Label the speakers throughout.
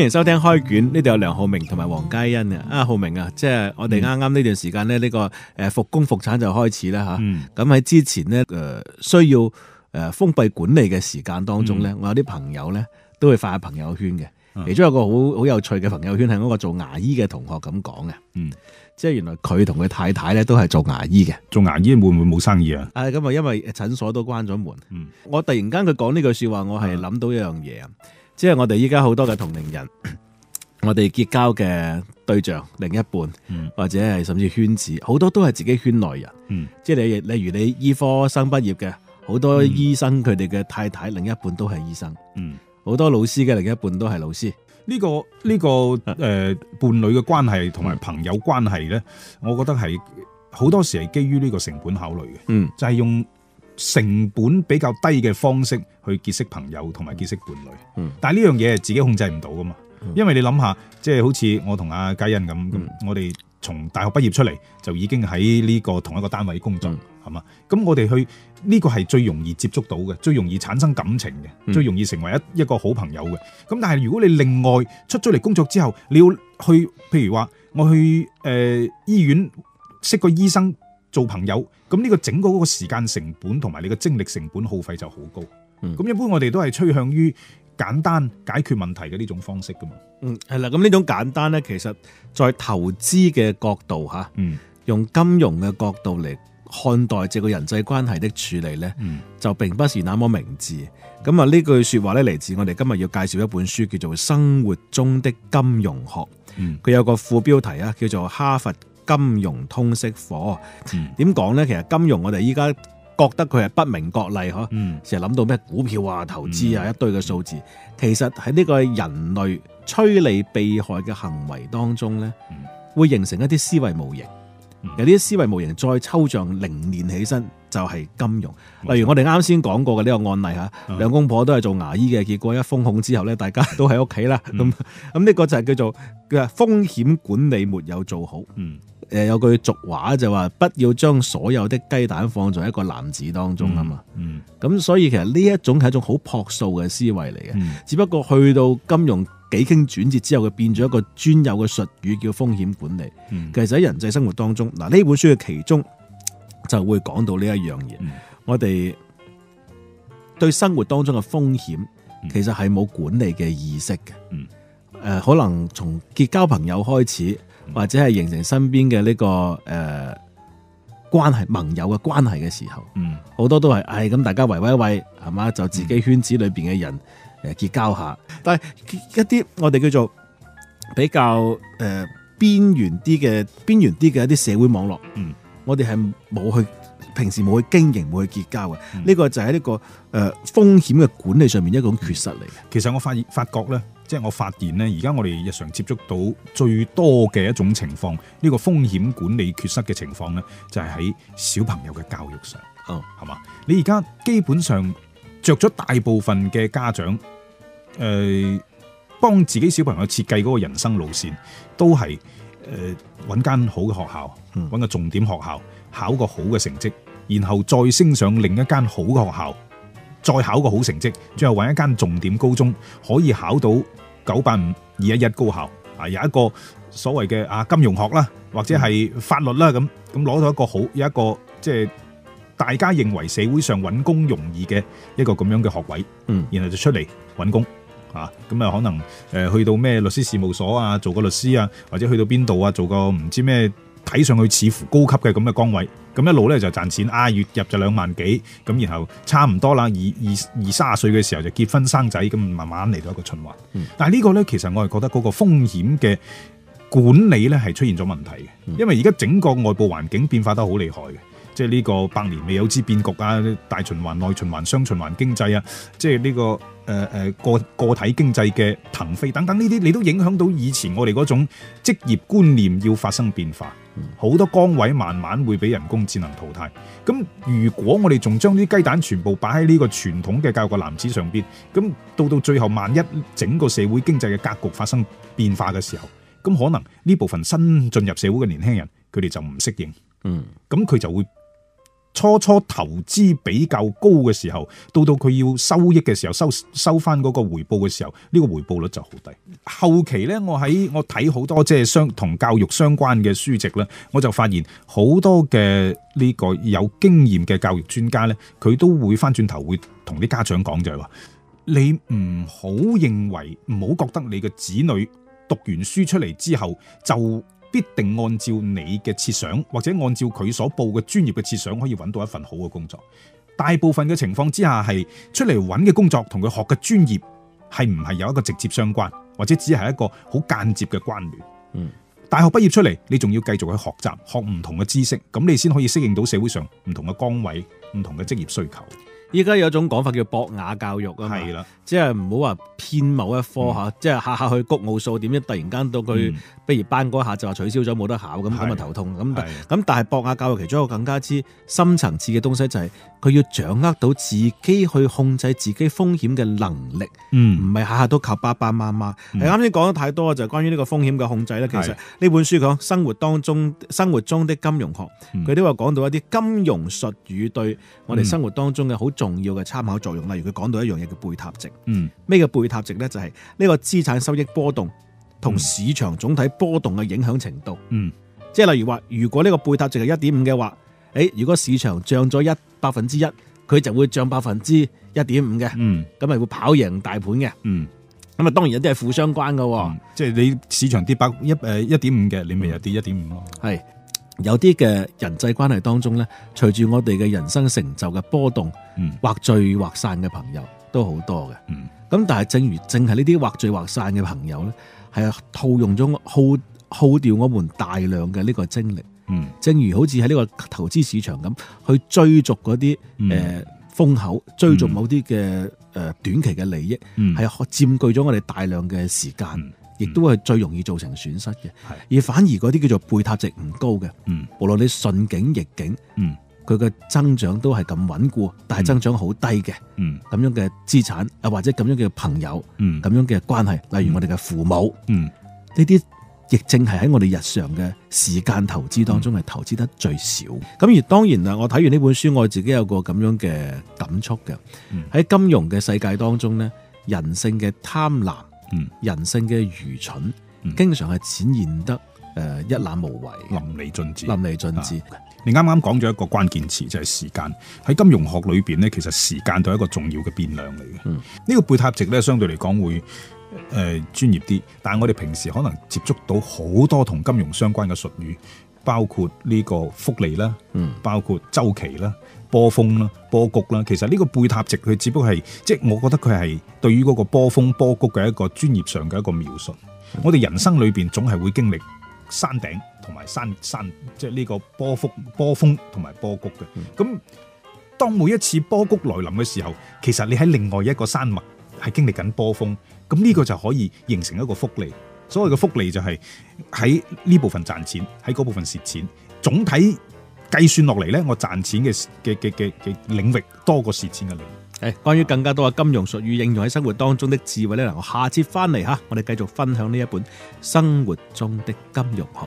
Speaker 1: 歡迎收聽開卷，呢度有梁浩明同埋黃佳欣啊。阿浩明啊，即係我哋啱啱呢段時間呢、呢、嗯呢個誒復工復產就開始啦吓。咁、嗯、喺之前呢、誒、呃、需要誒封閉管理嘅時間當中呢、嗯，我有啲朋友呢、都會發下朋友圈嘅、嗯。其中有個好好有趣嘅朋友圈係嗰個做牙醫
Speaker 2: 嘅同學咁講嘅。嗯，即係
Speaker 1: 原來佢同佢太太呢、都係做
Speaker 2: 牙醫嘅。做牙醫會唔會冇生意啊？
Speaker 1: 啊，咁啊，因為診所都關咗門、嗯。我突然間佢講呢句說話，我係諗到一樣嘢啊。即係我哋依家好多嘅同齡人，
Speaker 2: 我哋結
Speaker 1: 交嘅對象、另一半，嗯、或者係甚至圈子，好多都係自己圈內人。嗯、即係你，例如你醫科生畢業嘅，好多醫生佢哋嘅太太、嗯、另一
Speaker 2: 半都係醫生。嗯、好多老師嘅另一半都係老師。呢、呢個呢、呢個誒、呃、伴侶嘅關係同埋朋友關係呢、嗯，我覺得係好多時係基於呢個成本考慮嘅。嗯，就係、是、用。成本比較低嘅方式去結識朋友同埋結識伴侶、嗯，但係呢樣嘢自己控制唔到噶嘛、嗯，因為你諗下，即係好似我同阿嘉欣咁，我哋從大學畢業出嚟就已經喺呢個同一個單位工作，係嘛，嗯？咁我哋去呢個係最容易接觸到嘅，最容易產生感情嘅、嗯，最容易成為一一個好朋友嘅。咁但係如果你另外出咗嚟工作之後，你要去，譬如話，我去誒醫院識個醫生。做朋友，咁呢個整個嗰個時間成本同埋你嘅精力成本耗費就好高。咁、嗯、一般我哋都係趨向於簡單解決問題嘅呢種方式噶嘛。嗯，係啦，咁呢種簡
Speaker 1: 單呢，其實，在投資嘅角度吓、嗯，用金融嘅角度嚟，看待這個人際關係的處理呢、嗯，就並不是那麼明智。咁啊，呢句說話呢，嚟自我哋今日要介紹一本書，叫做《生活中的金融學》。佢、嗯、有個副標題啊，叫做《哈佛》。金融通識課點講呢？其實金融我哋依家覺得佢係不明覺厲成日諗到咩股票啊、投資啊一堆嘅數字、嗯。其實喺呢個人類趨利避害嘅行為當中呢、嗯，會形成一啲思維模型。嗯、有啲思維模型再抽象凝練起身，就係、是、金融。例如我哋啱先講過嘅呢個案例吓，兩公婆都係做牙醫嘅，結果一封控之後呢，大家都喺屋企啦。咁咁呢個就係叫做嘅風險管理沒有做好。嗯。誒，有句俗話就話，不要將所有的雞蛋放在一個籃子當中啊嘛。咁、嗯嗯、所以其實呢一種係一種好樸素嘅思維嚟嘅。只不過去到金融幾經轉折之後，佢變咗一個專有嘅術語叫風險管理。嗯、其實喺人際生活當中，嗱，呢本書嘅其中就會講到呢一樣嘢、嗯。我哋對生活當中嘅風險其實係冇管理嘅意識嘅。誒、嗯嗯呃，可能從結交朋友開始。或者係形成身邊嘅呢個誒、呃、關係盟友嘅關係嘅時候，嗯，好多都係誒咁大家圍圍圍係嘛，就自己圈子裏邊嘅人誒結交下。嗯、但係一啲我哋叫做比較誒邊緣啲嘅邊緣啲嘅一啲社會網絡，嗯，我哋係
Speaker 2: 冇去平時冇去經營冇去結交嘅。呢、嗯呢個就喺呢、呢個誒、呃、風險嘅管理上面一種缺失嚟嘅。其實我發現發覺咧。即係我發現咧，而家我哋日常接觸到最多嘅一種情況，呢個風險管理缺失嘅情況咧，就係喺小朋友嘅教育上。哦，係嘛？你而家基本上着咗大部分嘅家長，誒，幫自己小朋友設計嗰個人生路線都係誒揾間好嘅學校，揾個重點學校，考個好嘅成績，然後再升上另一間好嘅學校，再考個好成績，最後揾一間重點高中可以考到。九八五二一一高校啊，有一個所謂嘅啊金融學啦，或者係法律啦咁，咁攞到一個好，有一個即係大家認為社會上揾工容易嘅一個咁樣嘅學位，嗯，然後就出嚟揾工啊，咁啊可能誒去到咩律師事務所啊，做個律師啊，或者去到邊度啊，做個唔知咩，睇上去似乎高級嘅咁嘅崗位，咁一路咧就賺錢啊，月入就兩萬幾咁，然後差唔多啦，二二二三十歲嘅時候就結婚生仔，咁慢慢嚟到一個循環。嗯、但係呢個咧，其實我係覺得嗰個風險嘅管理咧係出現咗問題嘅，因為而家整個外部環境變化得好厲害嘅，即係呢個百年未有之變局啊，大循環、內循環、雙循環經濟啊，即係、這、呢個誒誒、呃、個個體經濟嘅騰飛等等呢啲，你都影響到以前我哋嗰種職業觀念要發生變化。嗯、好多崗位慢慢會俾人工智能淘汰，咁如果我哋仲將啲雞蛋全部擺喺呢個傳統嘅教育個籃子上邊，咁到到最後萬一整個社會經濟嘅格局發生變化嘅時候，咁可能呢部分新進入社會嘅年輕人佢哋就唔適應，嗯，咁佢就會。初初投資比較高嘅時候，到到佢要收益嘅時候，收收翻嗰個回報嘅時候，呢個回報率就好低。後期呢，我喺我睇好多即係相同教育相關嘅書籍呢，我就發現好多嘅呢個有經驗嘅教育專家呢，佢都會翻轉頭會同啲家長講就係話：你唔好認為，唔好覺得你嘅子女讀完書出嚟之後就，必定按照你嘅設想，或者按照佢所報嘅專業嘅設想，可以揾到一份好嘅工作。大部分嘅情況之下，係出嚟揾嘅工作同佢學嘅專業係唔係有一個直接相關，或者只係一個好間接嘅關聯。嗯，大學畢業出嚟，你仲要繼續去學習，學唔同嘅知識，咁你先可以適應到社會上唔同嘅崗位、唔同嘅職業需求。
Speaker 1: 依家有一種講法叫博雅教育啊，係啦。即係唔好話偏某一科吓、嗯，即係下下去谷奧數，點知突然間到佢不、嗯、如班嗰下就話取消咗冇得考咁，咁啊頭痛咁咁。但係博雅教育其中一個更加之深層次嘅東西就係佢要掌握到自己去控制自己風險嘅能力，唔、嗯、係下下都靠爸爸媽媽。你啱先講咗太多，就是、關於呢個風險嘅控制咧、嗯。其實呢本書講生活當中生活中的金融學，佢、嗯、都話講到一啲金融術語對我哋生活當中嘅好重要嘅參考作用。嗯、例如佢講到一樣嘢叫貝塔值。嗯，咩叫貝塔值咧？就係、是、呢個資產收益波動同市場總體波動嘅影響程度。嗯，即係例如話，如果呢個貝塔值係一點五嘅話，誒、欸，如果市場漲咗一百分之一，佢、嗯、就會漲百分之一點五嘅。嗯，咁咪會跑贏大盤嘅。嗯，咁啊，當然有啲係負相關噶。即係你市場跌百一誒一點五嘅，你咪又跌一點五咯。係，有啲嘅人際關係當中咧，隨住我哋嘅人生成就嘅波動，或聚或散嘅朋友。都好多嘅，咁但係正如正係呢啲或聚或散嘅朋友咧，係套用咗耗耗掉我們大量嘅呢個精力。嗯，正如好似喺呢個投資市場咁，去追逐嗰啲誒風口，追逐某啲嘅誒短期嘅利益，係、嗯、佔據咗我哋大量嘅時間，亦、嗯嗯、都係最容易造成損失嘅、嗯。而反而嗰啲叫做貝塔值唔高嘅、嗯，無論你順境逆境。嗯。佢嘅增長都係咁穩固，但係增長好低嘅，咁、嗯、樣嘅資產啊，或者咁樣嘅朋友，咁、嗯、樣嘅關係，例如我哋嘅父母，呢啲亦正係喺我哋日常嘅時間投資當中係、嗯、投資得最少。咁而當然啦，我睇完呢本書，我自己有個咁樣嘅感觸嘅。喺、嗯、金融嘅世界當中呢，人性嘅貪婪、人性嘅、嗯、愚蠢，嗯、經常係
Speaker 2: 顯現得誒一覽無遺，淋漓盡致，淋漓盡致。啊 okay. 你啱啱講咗一個關鍵詞就係、是、時間喺金融學裏邊咧，其實時間都係一個重要嘅變量嚟嘅。呢、嗯，這個貝塔值咧，相對嚟講會誒專、呃、業啲，但係我哋平時可能接觸到好多同金融相關嘅術語，包括呢個複利啦，嗯，包括周期啦、波峰啦、波谷啦。其實呢個貝塔值佢只不過係即係，就是、我覺得佢係對於嗰個波峰波谷嘅一個專業上嘅一個描述。嗯、我哋人生裏邊總係會經歷山頂。同埋山山即係呢個波幅波峰同埋波谷嘅，咁當每一次波谷來臨嘅時候，其實你喺另外一個山脈係經歷緊波峰，咁呢個就可以形成一個福利。所謂嘅福利就係喺呢部分賺錢，喺嗰部分蝕錢，總體計算落嚟呢，我賺錢嘅嘅嘅嘅嘅領域多過蝕錢嘅領域。誒，關於更加多嘅金融術
Speaker 1: 語應用喺生活當中的智慧咧，我下次翻嚟吓，我哋繼續分享呢一本《生活中的金融學》。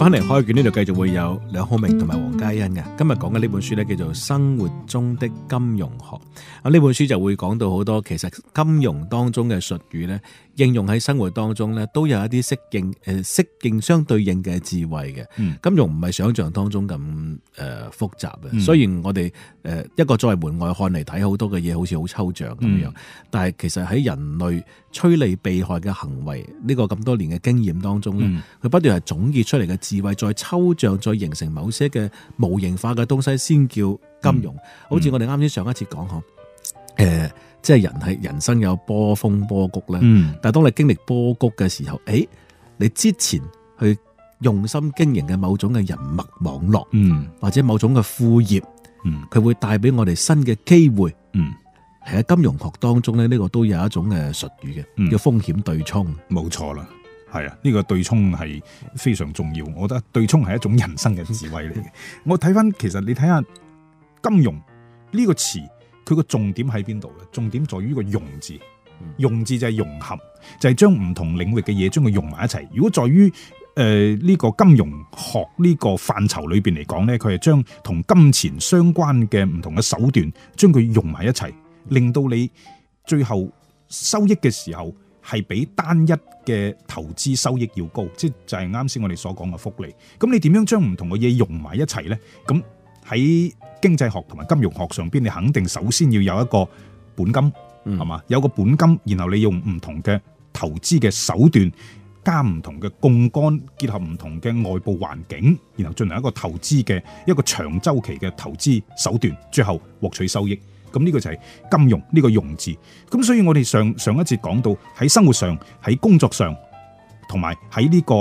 Speaker 1: 翻嚟開卷呢度繼續會有梁浩明同埋黃嘉欣嘅今日講嘅呢本書呢，叫做《生活中的金融學》，呢本書就會講到好多其實金融當中嘅術語呢應用喺生活當中呢都有一啲適應誒適應相對應嘅智慧嘅、嗯。金融唔係想象當中咁誒、呃、複雜嘅、嗯，雖然我哋誒、呃、一個作為門外漢嚟睇好多嘅嘢好似好抽象咁樣、嗯，但係其實喺人類。趨利避害嘅行為，呢、這個咁多年嘅經驗當中咧，佢、嗯、不斷係總結出嚟嘅智慧，再抽象，再形成某些嘅模型化嘅東西，先叫金融。嗯、好似我哋啱先上一次講，嗬、嗯，誒、呃，即係人係人生有波峰波谷咧、嗯，但係當你經歷波谷嘅時候，誒、哎，你之前去用心經營嘅某種嘅人脈網絡，嗯，或者某種嘅副業，嗯，佢會帶俾我哋新嘅機會，嗯。
Speaker 2: 喺金融學當中咧，呢、這個都有一種嘅術語嘅叫風險對沖，冇、嗯、錯啦。係啊，呢、這個對沖係非常重要。我覺得對沖係一種人生嘅智慧嚟。嘅。 我睇翻，其實你睇下金融呢、這個詞，佢個重點喺邊度咧？重點在於個融字，融字就係融合，就係、是、將唔同領域嘅嘢將佢融埋一齊。如果在於誒呢、呃這個金融學呢個範疇裏邊嚟講咧，佢係將同金錢相關嘅唔同嘅手段將佢融埋一齊。令到你最後收益嘅時候係比單一嘅投資收益要高，即就係啱先我哋所講嘅福利。咁你點樣將唔同嘅嘢融埋一齊呢？咁喺經濟學同埋金融學上邊，你肯定首先要有一個本金，係、嗯、嘛？有個本金，然後你用唔同嘅投資嘅手段，加唔同嘅槓桿，結合唔同嘅外部環境，然後進行一個投資嘅一個長週期嘅投資手段，最後獲取收益。咁呢個就係金融呢個融字，咁所以我哋上上一節講到喺生活上、喺工作上，同埋喺呢個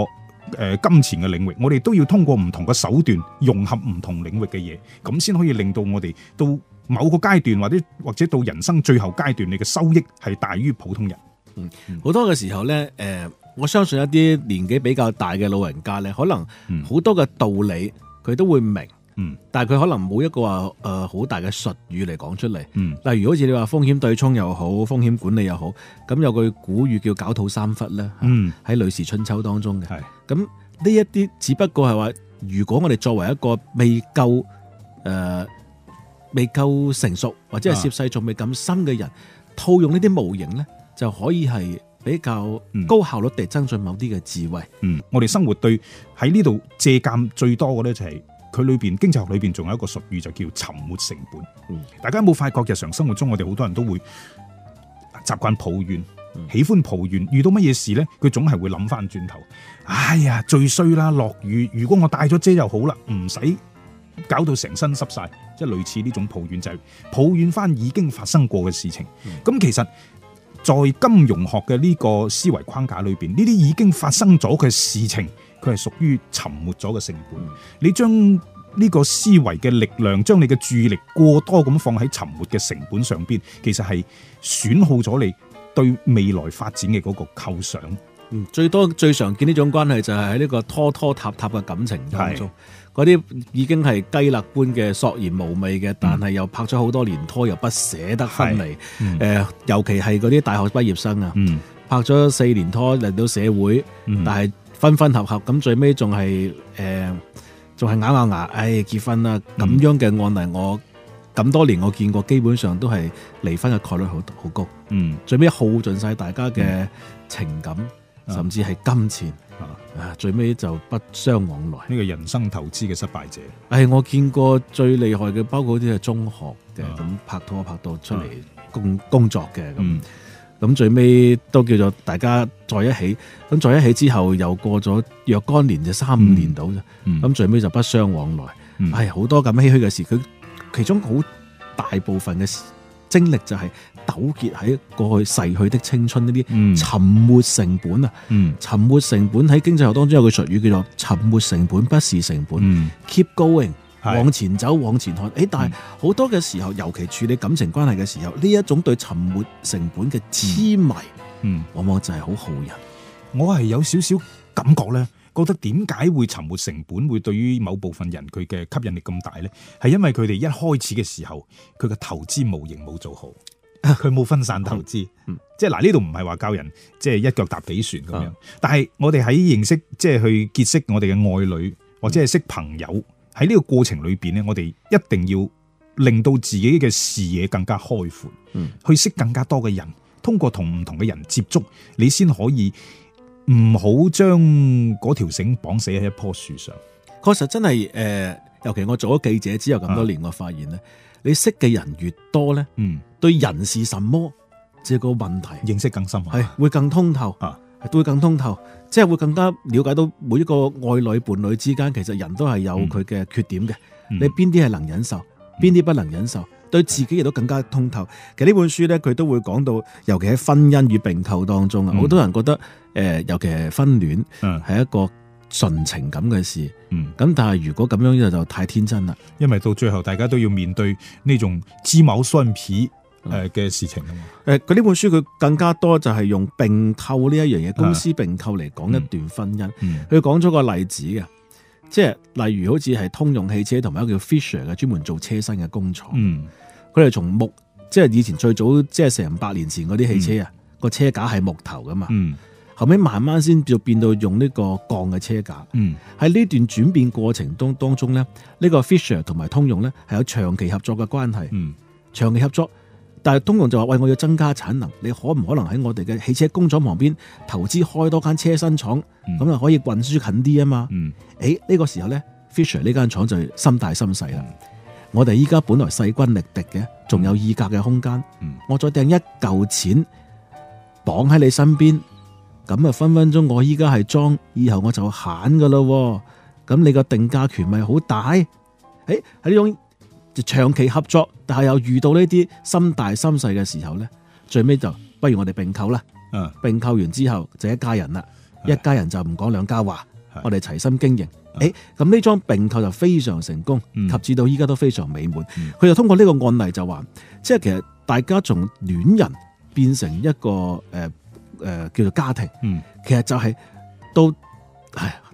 Speaker 2: 誒、金錢嘅領域，我哋都要通過唔同嘅手段融合唔同領域嘅嘢，咁先可以令到我哋到某個階段或者或者到人生最後階段，你嘅收益係大於普通人。嗯，好多嘅時候呢，誒，我相
Speaker 1: 信一啲年紀比較大嘅老人家呢，可能好多嘅道理佢都會明。嗯，但係佢可能冇一個話誒，好、呃、大嘅術語嚟講出嚟。嗯，例如好似你話風險對沖又好，風險管理又好，咁有句古語叫“狡兔三窟”啦。嗯，喺《呂氏春秋》當中嘅係咁呢一啲，是這些只不過係話如果我哋作為一個未夠誒、呃、未夠成熟或者係涉世仲未咁深嘅人，啊，套用呢啲模型咧，就可以係比較高效率地增進某
Speaker 2: 啲嘅智慧。嗯，我哋生活對喺呢度借鑒最多嘅咧就係、是。佢裏邊經濟學裏邊仲有一個術語，就叫沉沒成本。嗯，大家有冇發覺日常生活中我哋好多人都會習慣抱怨、嗯，喜歡抱怨。遇到乜嘢事咧，佢總係會諗翻轉頭。哎呀，最衰啦，落雨。如果我帶咗遮又好啦，唔使搞到成身濕晒，即係類似呢種抱怨就係抱怨翻已經發生過嘅事情。咁，嗯，其實，在金融學嘅呢個思維框架裏邊，呢啲已經發生咗嘅事情。佢係屬於沉沒咗嘅成本。你將呢個思維嘅力量，將你嘅注意力過多咁放喺沉沒嘅成本上邊，其實係損耗咗你對未來發展嘅嗰個構想。嗯，
Speaker 1: 最多最常見呢種關係就係喺呢個拖拖沓沓嘅感情當中，嗰啲已經係雞肋般嘅索然無味嘅、嗯，但係又拍咗好多年拖，又不捨得分離。誒、嗯呃，尤其係嗰啲大學畢業生啊、嗯，拍咗四年拖嚟到社會，嗯、但係。分分合合咁最尾仲係誒仲係咬咬牙，唉結婚啦！咁樣嘅案例、嗯、我咁多年我見過，基本上都係離婚嘅概率好好高。嗯，最尾耗盡晒大家嘅情感，嗯、甚至係金錢，啊、嗯、最尾就不相往來。呢、這個人生投資嘅失敗者。誒，我見過最厲害嘅，包括啲係中學嘅咁、嗯、拍拖拍到出嚟工工作嘅咁。嗯咁最尾都叫做大家在一起，咁在一起之後又過咗若干年，就三五年到啫。咁、嗯、最尾就不相往來，係、嗯、好多咁唏噓嘅事。佢其中好大部分嘅精力就係糾結喺過去逝去的青春呢啲沉沒成本啊、嗯，沉沒成本喺經濟學當中有句俗語叫做沉沒成本不是成本、嗯，keep going。往前走，往前看。誒、欸，但係好多嘅時候，尤其處理感情關係嘅時候，呢一種對
Speaker 2: 沉沒成本嘅痴迷、嗯，往往就係好耗人。我係有少少感覺咧，覺得點解會沉沒成本會對於某部分人佢嘅吸引力咁大咧？係因為佢哋一開始嘅時候，佢嘅投資模型冇做好，佢冇分散投資、嗯嗯。即係嗱，呢度唔係話教人即係、就是、一腳踏幾船咁樣。嗯、但係我哋喺認識，即係去結識我哋嘅愛侶，或者係識朋友。嗯喺呢個過程裏邊咧，我哋一定要令到自己嘅視野更加開闊、嗯，去識更加多嘅人。通過同唔同嘅人接觸，你先可以唔好將嗰條繩綁死喺一棵樹上。確實真係，誒、呃，尤其
Speaker 1: 我做咗記者之後咁多年、啊，我發現咧，你識嘅人越多咧，嗯，對人是什麼即個問題認識更深，係會更通透啊，都會更通透。啊即係會更加了解到每一個愛侶伴侶之間，其實人都係有佢嘅缺點嘅、嗯。你邊啲係能忍受，邊啲不能忍受，嗯、對自己亦都更加通透。嗯、其實呢本書呢，佢都會講到，尤其喺婚姻與並購當中啊，好、嗯、多人覺得誒、呃，尤其係婚戀係、嗯、一個純情感嘅事。嗯，咁但係如果咁樣就就太天真啦，因為到最後大家都要面對呢種雞毛蒜皮。誒嘅事情啊嘛，佢、嗯、呢本書佢更加多就係用並購呢一樣嘢，公司並購嚟講一段婚姻。佢講咗個例子嘅，即、嗯、係例如好似係通用汽車同埋一個叫 Fisher 嘅專門做車身嘅工廠。佢哋從木即係、就是、以前最早即係成百年前嗰啲汽車啊，個、嗯、車架係木頭噶嘛。嗯、後尾慢慢先就變到用呢個鋼嘅車架。喺、嗯、呢段轉變過程當當中咧，呢、嗯這個 Fisher 同埋通用咧係有長期合作嘅關係、嗯。長期合作。但係通用就話喂，我要增加產能，你可唔可能喺我哋嘅汽車工廠旁邊投資開多間車身廠？咁、嗯、啊可以運輸近啲啊嘛？嗯、誒呢、呢個時候咧，Fisher 呢間廠就心大心細啦。我哋依家本來勢均力敵嘅，仲有議價嘅空間。嗯、我再訂一嚿錢綁喺你身邊，咁啊分分鐘我依家係裝，以後我就慳噶咯。咁你個定價權咪好大？誒，係呢種。長期合作，但係又遇到呢啲心大心細嘅時候呢，最尾就不如我哋併購啦。嗯、啊，併購完之後就一家人啦，一家人就唔講兩家話，我哋齊心經營。啊、誒，咁呢樁併購就非常成功，嗯、及至到依家都非常美滿。佢、嗯、就通過呢個案例就話，即係其實大家從戀人變成一個誒誒、呃呃、叫做家庭，嗯、其實就係、是、到，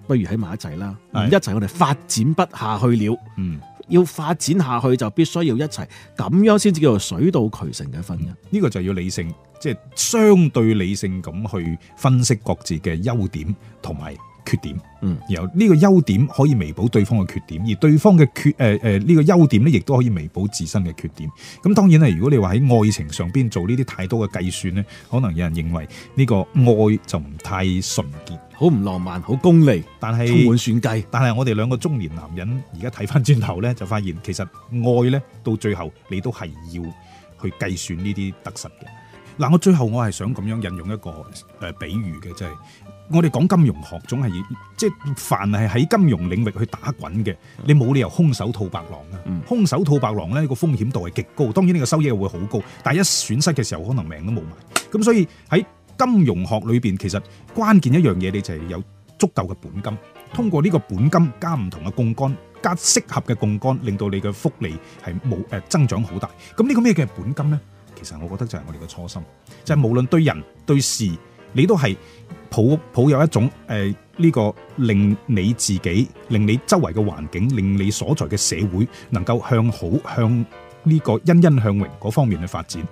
Speaker 1: 不如喺埋一齊啦。唔一齊我哋發展不下去了。嗯。
Speaker 2: 要發展下去就必須要一齊，咁樣先至叫做水到渠成嘅婚姻。呢個就要理性，即係相對理性咁去分析各自嘅優點同埋。缺點，嗯，然後呢個優點可以彌補對方嘅缺點，而對方嘅缺誒誒呢個優點咧，亦都可以彌補自身嘅缺點。咁當然咧，如果你話喺愛情上邊做呢啲太多嘅計算呢，可能有人認為呢個愛就唔太純潔，好唔浪漫，好功利。但係充滿算計。但係我哋兩個中年男人而家睇翻轉頭呢，就發現其實愛呢，到最後你都係要去計算呢啲得失嘅。嗱，我最後我係想咁樣引用一個誒比喻嘅，即係。我哋講金融學，總係即係凡係喺金融領域去打滾嘅，你冇理由空手套白狼噶。空手套白狼咧，呢個風險度係極高，當然呢個收益會好高，但係一損失嘅時候可能命都冇埋。咁所以喺金融學裏邊，其實關鍵一樣嘢，你就係有足夠嘅本金。通過呢個本金加唔同嘅槓桿，加適合嘅槓桿，令到你嘅複利係冇誒增長好大。咁呢個咩叫本金咧？其實我覺得就係我哋嘅初心，就係無論對人對事。你都係抱抱有一種誒呢、呃這個令你自己、令你周圍嘅環境、令你所在嘅社會能夠向好向呢個欣欣向榮嗰方面去發展。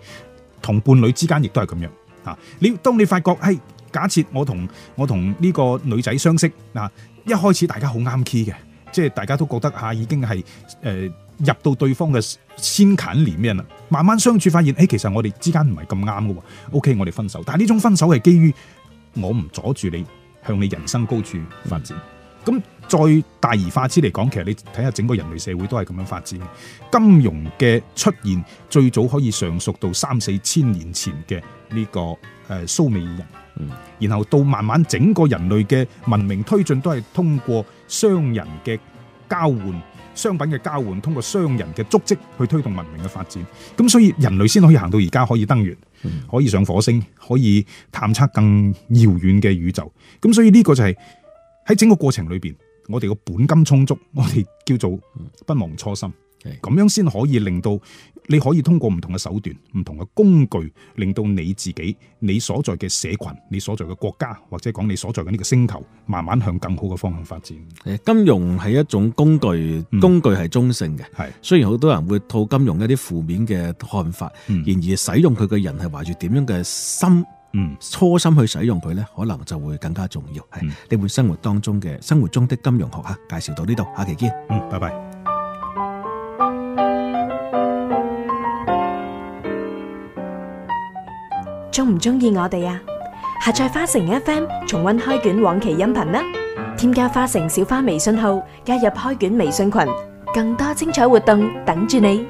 Speaker 2: 同伴侶之間亦都係咁樣啊！你當你發覺，係假設我同我同呢個女仔相識嗱、啊，一開始大家好啱 key 嘅，即係大家都覺得嚇、啊、已經係誒。呃入到對方嘅先近連咩啦，慢慢相處，發現誒、欸，其實我哋之間唔係咁啱嘅喎。OK，我哋分手，但係呢種分手係基於我唔阻住你向你人生高處發展。咁、嗯、再大而化之嚟講，其實你睇下整個人類社會都係咁樣發展嘅。金融嘅出現最早可以上溯到三四千年前嘅呢、這個誒、呃、蘇美爾人、嗯，然後到慢慢整個人類嘅文明推進都係通過商人嘅。交換商品嘅交換，通過商人嘅足跡去推動文明嘅發展。咁所以人類先可以行到而家，可以登月，可以上火星，可以探測更遙遠嘅宇宙。咁所以呢個就係、是、喺整個過程裏邊，我哋個本金充足，我哋叫做不忘初心，咁樣先可以令到。你可以通過唔同嘅手段、唔同嘅工具，令到你自己、你所在嘅社群、你所在嘅國家或者講你所在嘅呢個星球，慢慢向更好嘅方向發展。誒，金融係一種工具，工具係
Speaker 1: 中性嘅，係、嗯。雖然好多人會套金融一啲負面嘅看法、嗯，然而使用佢嘅人係懷住點樣嘅心，嗯，初心去使用佢呢，可能就會更加重要。係，呢、嗯、生活當中嘅生活中的金融學客介紹到呢度，下期見。嗯，拜拜。
Speaker 2: 鍾唔鍾意我哋啊？下載花城 FM，重溫開卷往期音頻啦！添加花城小花微信號，加入開卷微信群，更多精彩活動等住你。